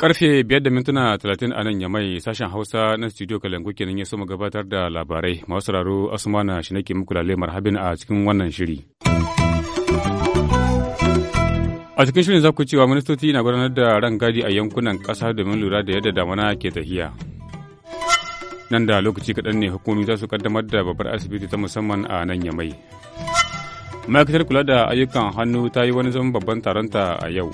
Karfe biyar da mintuna talatin a nan ya mai sashen Hausa na studio Kalangu kenan ya soma gabatar da labarai masu sauraro asumana shi nake muku lalle marhabin a cikin wannan shiri. A cikin shirin za ku cewa ministoci na gudanar da rangadi a yankunan ƙasa domin lura da yadda damana ke tafiya. Nan da lokaci kaɗan ne hukumomi za su kaddamar da babbar asibiti ta musamman a nan ya mai. Ma'aikatar kula da ayyukan hannu ta yi wani zaman babban taronta a yau.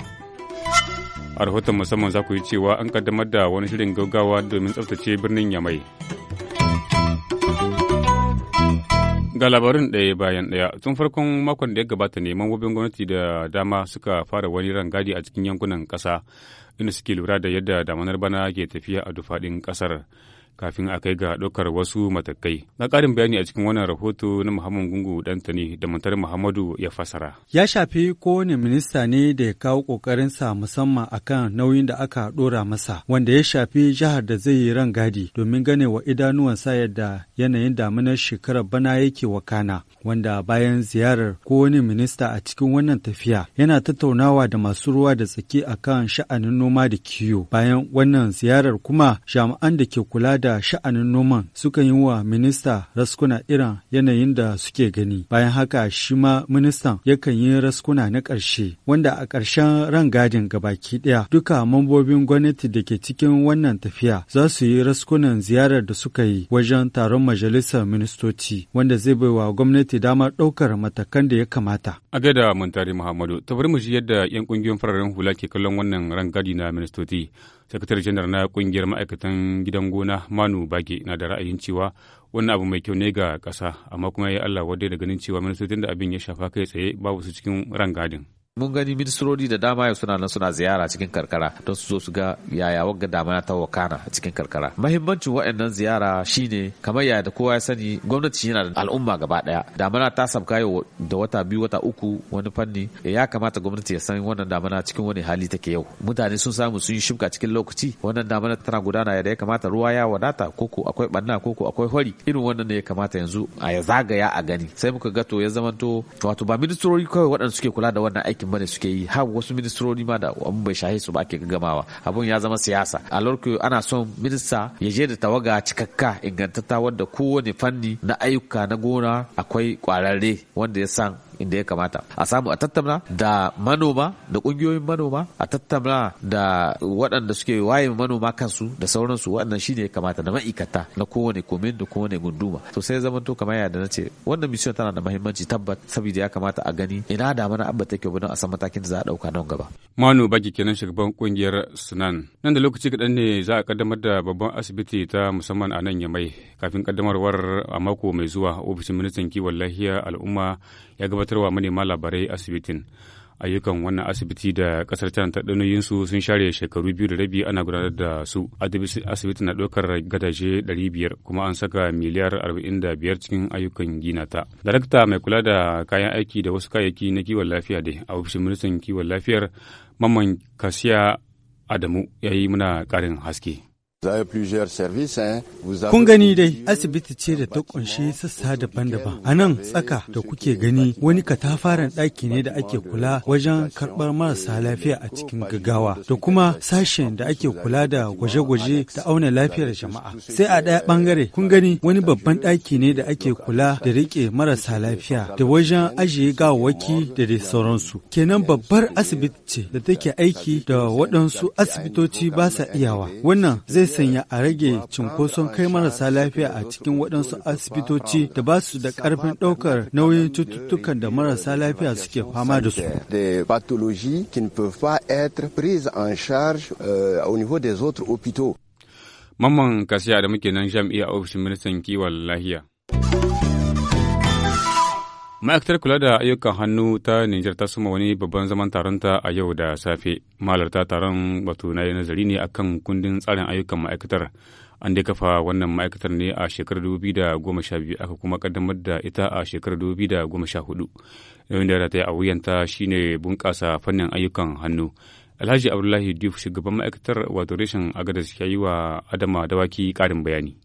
a rahoton musamman za ku yi cewa an kaddamar da wani shirin gaggawa domin tsaftace birnin yamai ga labarin ɗaya bayan ɗaya tun farkon makon da ya gabata ne mambobin gwamnati da dama suka fara wani rangadi a cikin yankunan ƙasa inda suke lura da yadda damanar bana ke tafiya a dufaɗin ƙasar kafin a kai ga ɗaukar wasu matakai. Na ƙarin bayani a cikin wannan rahoto na Muhammad Gungu Dantani da Muntar Muhammadu ya fasara. Ya shafi kowane minista ne da ya kawo ƙoƙarinsa musamman akan nauyin da aka ɗora masa, wanda ya shafi jihar da zai yi rangadi domin gane wa sa yadda yanayin damunar shekarar bana yake wakana, wanda bayan ziyarar kowane minista a cikin wannan tafiya yana tattaunawa da masu ruwa da tsaki akan sha'anin noma da kiwo. Bayan wannan ziyarar kuma jami'an da ke kula da da sha'anin noman suka yi wa minista raskuna irin yanayin da suke gani. Bayan haka shi ma ministan yakan yi raskuna na ƙarshe wanda a ƙarshen rangadin gabaki ɗaya duka mambobin gwamnati da ke cikin wannan tafiya za su yi raskunan ziyarar da suka yi wajen taron majalisar ministoci wanda zai bai wa gwamnati damar ɗaukar matakan da ya kamata. A gaida Muntari Muhammadu, ta bari mu ji yadda 'yan ƙungiyoyin fararen hula ke kallon wannan rangadi na ministoci. Sakatare janar na kungiyar ma'aikatan gidan gona manu bage na da ra'ayin cewa wannan abu mai kyau ne ga ƙasa amma kuma ya yi allah wadda da ganin cewa ministocin da abin ya shafa kai tsaye babu su cikin rangadin. mun gani ministrori da dama yau suna nan suna ziyara cikin karkara don su zo su ga yaya wagga damana ta wakana a cikin karkara mahimmancin waɗannan ziyara shine kamar yaya da kowa ya sani gwamnati yana da al'umma gaba daya damana ta sabka yau da wata biyu wata uku wani fanni eh, ya kamata gwamnati ya san wannan damana cikin wani hali take yau mutane sun samu sun yi shimka cikin lokaci wannan damana tana gudana yadda ya kamata ruwa ya wadata koko akwai barna koko akwai hori irin wannan ne ya kamata yanzu a ya zagaya a gani sai muka ga to ya zamanto wato ba ministrori kawai waɗanda suke kula da wannan aikin su da suke yi har wasu ministroni ma da abun bai shahe su ba ake gamawa abun ya zama siyasa a lorko ana son minista ya je da tawaga cikakka ingantatta wanda kowane fanni na ayyuka na gona akwai kwararre wanda ya san inda ya kamata a samu a tattauna da manoma da kungiyoyin manoma a tattauna da waɗanda suke waye manoma kansu da sauransu waɗannan shine ya kamata da ma'aikata na kowane komin da kowane gunduma to sai zaman to kamar yadda na ce wannan mission tana da muhimmanci tabbat saboda ya kamata a gani ina da mana abba take don a san matakin da za a dauka nan gaba manu baki kenan shugaban kungiyar sunan nan da lokaci kadan ne za a kaddamar da babban asibiti ta musamman a nan yamai kafin kaddamarwar a mako mai zuwa ofishin ministan kiwon lafiya al'umma ya gabata. wa manema labarai asibitin ayyukan wannan asibiti da kasar can ta su sun share shekaru biyu da rabi ana gudanar da su asibiti na ɗaukar gadaje 500 kuma an saka miliyar 45 cikin ayyukan gina ta darakta mai kula da kayan aiki da wasu kayayyaki na kiwon lafiya da a ofishin ministan kiwon lafiyar mamman kasiya adamu ya yi muna ƙarin haske Kun gani dai asibiti ce da ta ƙunshi sassa daban-daban. A nan tsaka da kuke gani wani katafaren ɗaki ne da ake kula wajen karɓar marasa lafiya a cikin gaggawa da kuma sashen da ake kula da gwaje-gwaje ta auna lafiyar jama'a. Sai a ɗaya ɓangare kun gani wani babban ɗaki ne da ake kula da riƙe marasa lafiya da wajen ajiye gawawwaki da dai sauransu. Kenan babbar asibiti ce da take aiki da waɗansu asibitoci ba sa iyawa. Wannan zai zai sanya a rage cinkoson kai marasa lafiya a cikin waɗansu asibitoci da ba su da ƙarfin ɗaukar nauyin cututtukan da marasa lafiya suke fama da su. Mamman kasiya da muke nan jam'iyya ofishin ministan kiwon lahiya. ma'aikatar kula da ayyukan hannu ta nijar ta suma wani babban zaman taronta a yau da safe malarta taron batu na nazari ne akan kundin tsarin ayyukan ma'aikatar an dai kafa wannan ma'aikatar ne a shekarar biyu aka kuma kaddamar da ita a shekarar 2014 yayin da ta yi a wuyanta shine bunƙasa fannin ayyukan hannu alhaji abdullahi duf shugaban ma'aikatar wato reshen agadar ya yi wa adama dawaki ƙarin bayani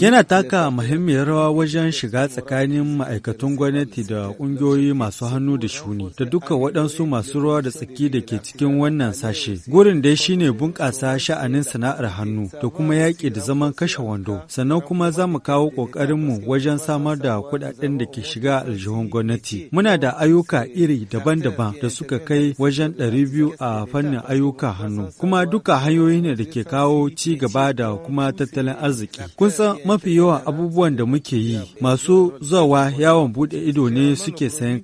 Yana taka muhimmiyar rawa wajen shiga tsakanin ma'aikatan gwamnati da ƙungiyoyi masu hannu da shuni da duka waɗansu masu rawa da tsaki da ke cikin wannan sashe. Gurin dai shine bunƙasa sha'anin sana'ar hannu da kuma yaƙi da zaman kashe wando. Sannan kuma za mu kawo mu wajen samar da kuɗaɗen da ke shiga aljihun gwamnati. Muna da ayyuka iri daban-daban da suka kai wajen ɗari biyu a fannin ayyuka hannu. Kuma duka hanyoyi ne da ke kawo ci ci gaba da kuma tattalin arziki. Kun san mafi yawan abubuwan da muke yi masu zuwa yawon bude ido ne suke sayan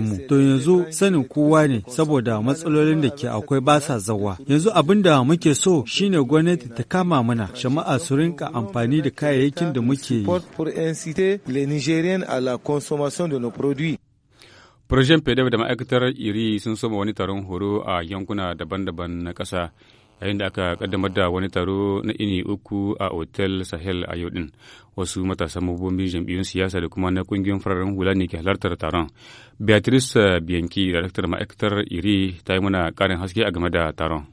mu To yanzu sanin kowa ne saboda matsalolin da ke akwai ba sa zawa. Yanzu abin da muke so shine gwamnati ta kama mana jama'a su rinka amfani da kayayyakin da muke yi. Projen Fede da ma'aikatar iri sun soma wani taron horo a yankuna daban-daban na ƙasa. yayin da aka kaddamar da wani taro na ini uku a otel sahel a yau din wasu matasa mabobin jam'iyyun siyasa da kuma na kungiyar fararen hula ne ke halartar taron beatrice bianchi daraktar ma'aikatar iri ta yi mana karin haske a game da taron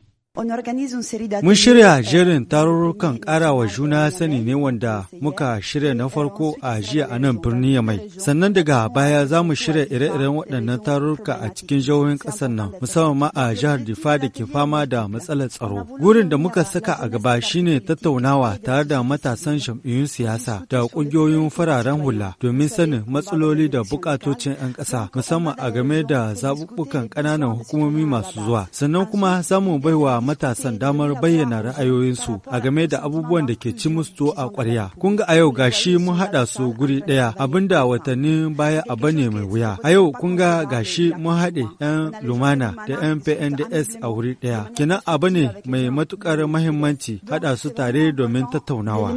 Mun shirya euh, jerin tarurrukan ƙarawa juna sani ne wanda muka shirya na farko a jiya a nan ya mai, Sannan daga baya za mu shirya ire-iren waɗannan tarurruka a cikin jihohin ƙasar nan, musamman ma a jihar Difa da ke fama da matsalar tsaro. Gurin da muka saka a gaba shine tattaunawa tare da matasan jam'iyyun siyasa da ƙungiyoyin fararen hula domin sanin matsaloli da buƙatocin 'yan ƙasa, musamman a game da zaɓuɓɓukan ƙananan hukumomi masu zuwa. Sannan kuma za mu baiwa matasan damar bayyana ra'ayoyinsu a game da abubuwan da ke ci musu a ƙwarya. Kun ga a yau gashi mun haɗa su guri ɗaya abinda watanni baya a bane mai wuya. A yau kun ga gashi mun haɗe 'yan lumana da 'yan PNDS a wuri ɗaya. kinan abu ne mai matuƙar mahimmanci haɗa su tare domin tattaunawa.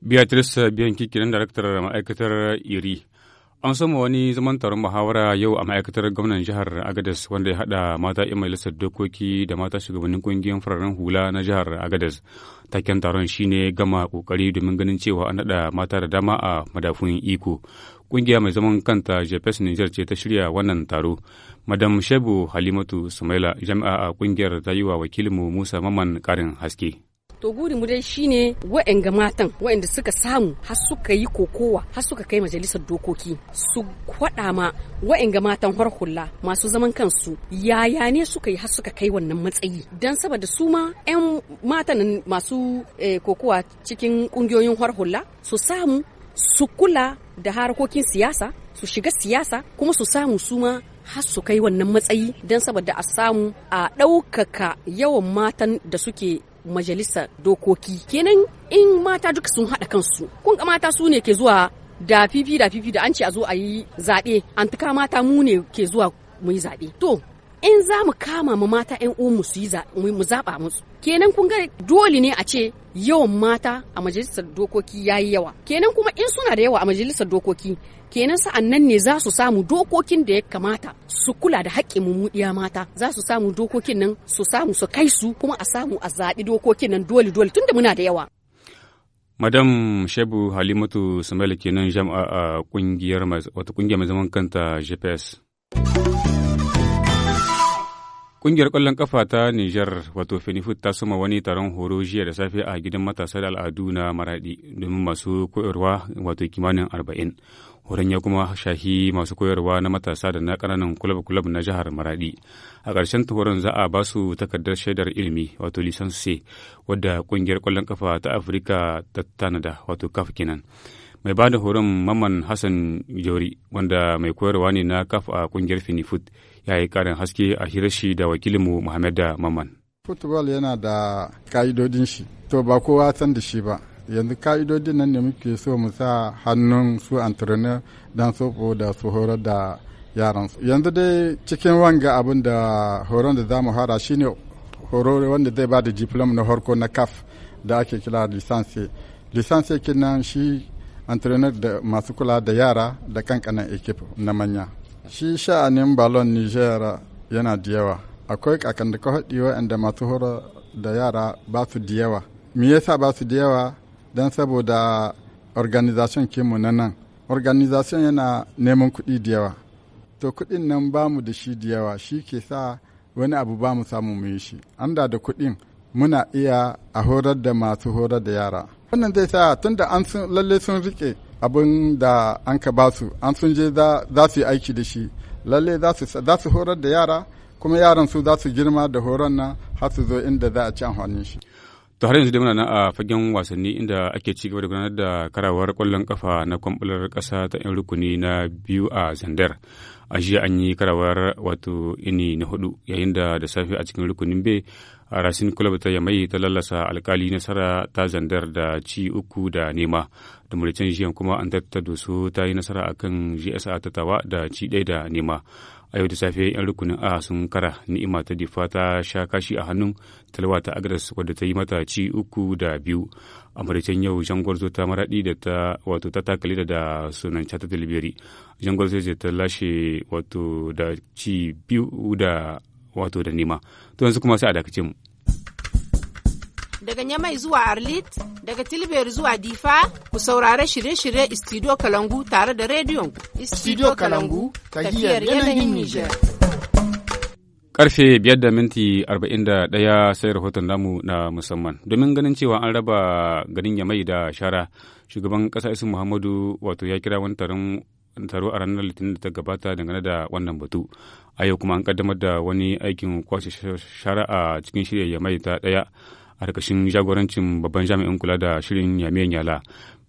Beatrice Bianchi kenan daraktar ma'aikatar Iri. An sama wani zaman taron muhawara yau a ma'aikatar gwamnan jihar Agadez wanda ya haɗa mata 'yan majalisar dokoki da mata shugabannin ƙungiyar fararen hula na jihar Agadez. Taken taron shine gama ƙoƙari domin ganin cewa an haɗa mata da dama a madafun iko. Ƙungiya mai zaman kanta Jefes Niger ce ta shirya wannan taro. Madam Shebu Halimatu Sumaila jami'a a ƙungiyar ta yi wa wakilinmu Musa Maman ƙarin haske. to mu dai shine wa'anga matan wa'anda suka samu har suka yi kokowa har suka kai majalisar dokoki su kwaɗa ma wa'anga matan harhulla masu zaman kansu yaya ne suka yi har suka kai wannan matsayi dan saboda su ma 'yan matan masu eh, kokowa cikin kungiyoyin harhulla su samu su kula da harkokin siyasa su shiga siyasa kuma su samu su ma har su kai wannan matsayi don saboda a samu a ɗaukaka yawan matan da suke majalisar dokoki kenan in mata duk sun haɗa kansu kun ga mata su ne ke zuwa da fifi da fifi da an ce a zo a yi zaɓe an tuka mata mu ne ke zuwa mu yi zaɓe to in za mu kama mu mata yan uwanmu su yi mu zaɓa musu kenan kun ga dole ne a ce yawan mata a majalisar dokoki yayi yawa kenan kuma in suna da yawa a majalisar dokoki kenan sa'an nan ne za su samu dokokin da ya kamata su kula da haƙƙin mumuɗiya mata za su samu dokokin nan su samu su kai su kuma a samu a zaɓi dokokin nan dole dole tunda muna da yawa madam shebu halimatu sumaila kenan jama'a a kungiyar wata kungiyar mai zaman kanta gps kungiyar kwallon ƙafa ta Nijar wato Fenifut ta suma wani taron horo jiya da safe a gidan matasa da al'adu na Maraɗi domin masu koyarwa wato kimanin arba'in. horon ya kuma shahi masu koyarwa na matasa da na ƙananan kulab-kulab na jihar maradi a ƙarshen tuhurin za a ba su takardar shaidar ilimi wato lisansi wadda ƙungiyar ƙwallon kafa ta afirka ta tanada wato kaf kenan mai ba da horon maman hassan jori wanda mai koyarwa ne na kaf a ƙungiyar finifut ya yi ƙarin haske a hirashi da wakilinmu muhammad da maman football yana da ka'idodin shi to ba kowa san da shi ba yanzu ka'idodin nan ne muke so mu sa hannun su antrenor dan sofo da su horar da yaran su yanzu dai cikin wanga abin da horon da zamu hara shine horo wanda zai ba da diplom na harko na kaf da ake kira lisansi lisansi kinan shi antrenor da masu kula da yara da kankanan ekip na manya shi sha'anin balon niger yana da yawa akwai kakan da ka wa'anda masu horar da yara ba su da yawa me yasa ba su da yawa don saboda organization mu na nan organization yana neman kuɗi da yawa to kuɗin nan ba mu da shi da yawa shi ke sa wani abu ba mu samu mu yi shi an da da kuɗin muna iya a horar da masu horar da yara wannan zai sa tun da an sun lalle sun rike abin da an ka ba su an sun je za su yi aiki da shi lalle za su horar da yara kuma yaran su za su girma da horon nan har su zo inda za a ci amfanin shi to har yanzu dai muna nan a fagen wasanni inda ake ci gaba da gudanar da karawar kwallon kafa na kwambular kasa ta 'yan rukuni na biyu a zandar a jiya an yi karawar wato ini na hudu yayin da da safe a cikin rukunin be a rasin club ta yamai ta lallasa alkali nasara ta zandar da ci uku da nema da mulicin jiyan kuma an tattado su ta yi nasara akan gsa ta tawa da ci ɗaya da nema a yau da safe yan rukunin a sun kara ni'ima ta difa ta sha kashi a hannun talwa ta agres wadda ta yi mata ci uku da biyu a maraicen yau jangwarzo ta maradi da ta wato ta takali da sunan ta dalibiri jangwarzo ce ta lashe wato da ci biyu da wato da nema to yanzu kuma sai a dakace mu daga Nyamai zuwa Arlit, daga Tilber zuwa Difa, ku saurare shirye-shirye Istidiyo Kalangu tare da rediyon Istidiyo Kalangu ta yanayin Karfe biyar da minti arba'in da ɗaya sai rahoton namu na musamman. Domin ganin cewa an raba garin Yamai da shara, shugaban ƙasa Isu Muhammadu wato ya kira wani taron taro a ranar litinin da ta gabata dangane da wannan batu a yau kuma an kaddamar da wani aikin kwashe shara a cikin shirya mai ta ɗaya. a ƙarƙashin jagorancin babban jami'in kula da shirin yame nyala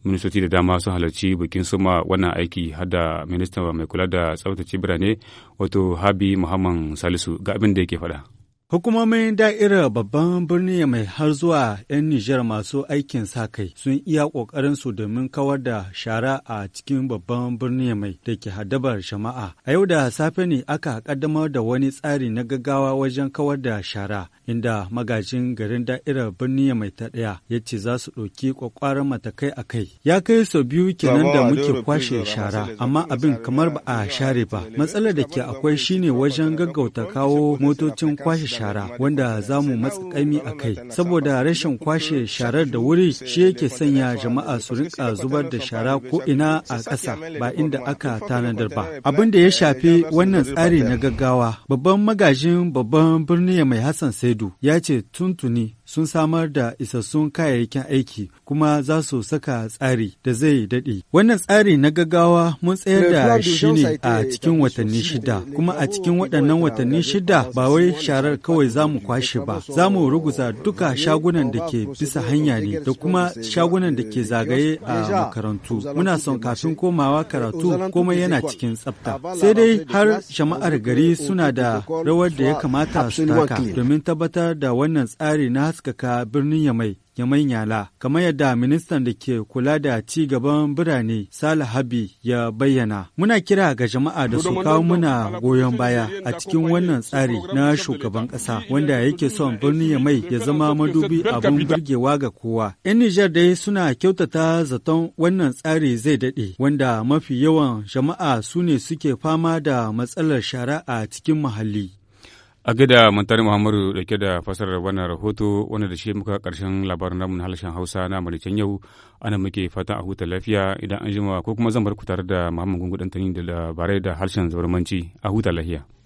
ministoci da dama sun halarci bikin suma wannan aiki har da minista mai kula da tsaftace birane wato habi muhammad salisu ga abin da yake faɗa. Hukumomin da'irar babban birni mai har zuwa 'yan Nijar masu aikin sa-kai sun iya su domin kawar da shara a cikin babban birni mai da ke hadabar jama'a. A yau da safe ne aka kaddamar da wani tsari na gaggawa wajen kawar da shara, inda magajin garin da'irar birni mai ta ɗaya ya ce za su ɗauki ƙwaƙwaran matakai a kai. Ya kai sau biyu kenan da muke kwashe shara, amma abin kamar ba a share ba. Matsalar da ke akwai shine wajen gaggauta kawo motocin kwashe shara wanda za mu matsa ƙaimi a kai saboda rashin kwashe sharar da wuri shi yake sanya jama'a su rinka zubar da shara ko ina a ƙasa ba inda aka tanadar ba abin da ya shafi wannan tsari na gaggawa babban magajin babban birni mai hassan saidu ya ce tuntuni sun samar da isassun kayayyakin aiki kuma za su saka tsari da zai daɗe. Wannan tsari na gaggawa mun tsayar da shi ne a cikin watanni shida, kuma a cikin waɗannan watanni shida ba wai sharar kawai za mu kwashe ba, za mu ruguza duka shagunan da ke bisa hanya ne da kuma shagunan da ke zagaye a makarantu. Muna son kafin komawa karatu komai yana cikin tsafta. Sai dai har jama'ar gari suna da rawar da ya kamata su taka domin tabbatar da wannan tsari na haskaka birnin Yamai ya manyala kamar yadda ministan da ke kula da ci gaban birane Sale Habi ya bayyana. Muna kira ga jama'a da su kawo muna goyon baya a cikin wannan tsari na shugaban kasa wanda yake son birni ya mai ya zama madubi abin burgewa ga kowa. 'Yan Nijar dai suna kyautata zaton wannan tsari zai daɗe wanda mafi yawan jama'a su ne suke fama da matsalar shara a cikin muhalli. a gida mutane muhammadu dauke da fasarar wannan rahoto wanda da shi muka karshen labarin namu na harshen hausa na maricen yau ana muke fatan a huta lafiya idan an jima ko kuma zan bar ku tare da muhammadu gungu da labarai da harshen zaurmanci a huta lafiya